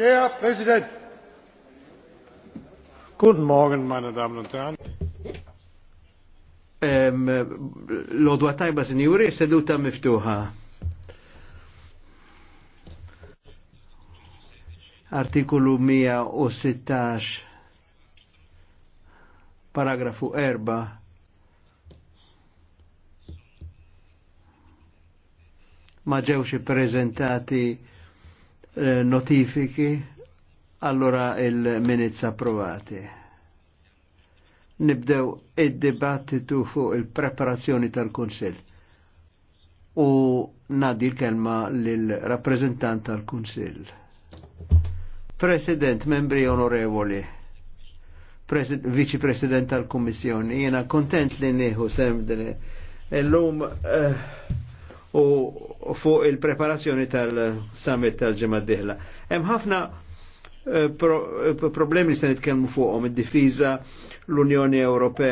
Herr Präsident. Guten Morgen, meine Damen und Herren. L-odwa tajba sinjuri, seduta miftuħa. Artikolu 116, paragrafu 4, ma ġewx ġewxi prezentati Eh, notifiki, allora il-minizza approvati. Nibdew id-dibattitu fuq il-preparazzjoni tal-Kunsil u nadi l-kelma l-rappresentant tal-Kunsil. President, membri onorevoli, Presid Vice President tal-Kommissjoni, jena kontent li nieħu sem din l-lum uh, eh, u fuq il-preparazzjoni tal-summit tal-ġemad diħla. Hemm ħafna eh, eh, problemi li se nitkellmu fuqhom id-difiża l-Unjoni Ewropea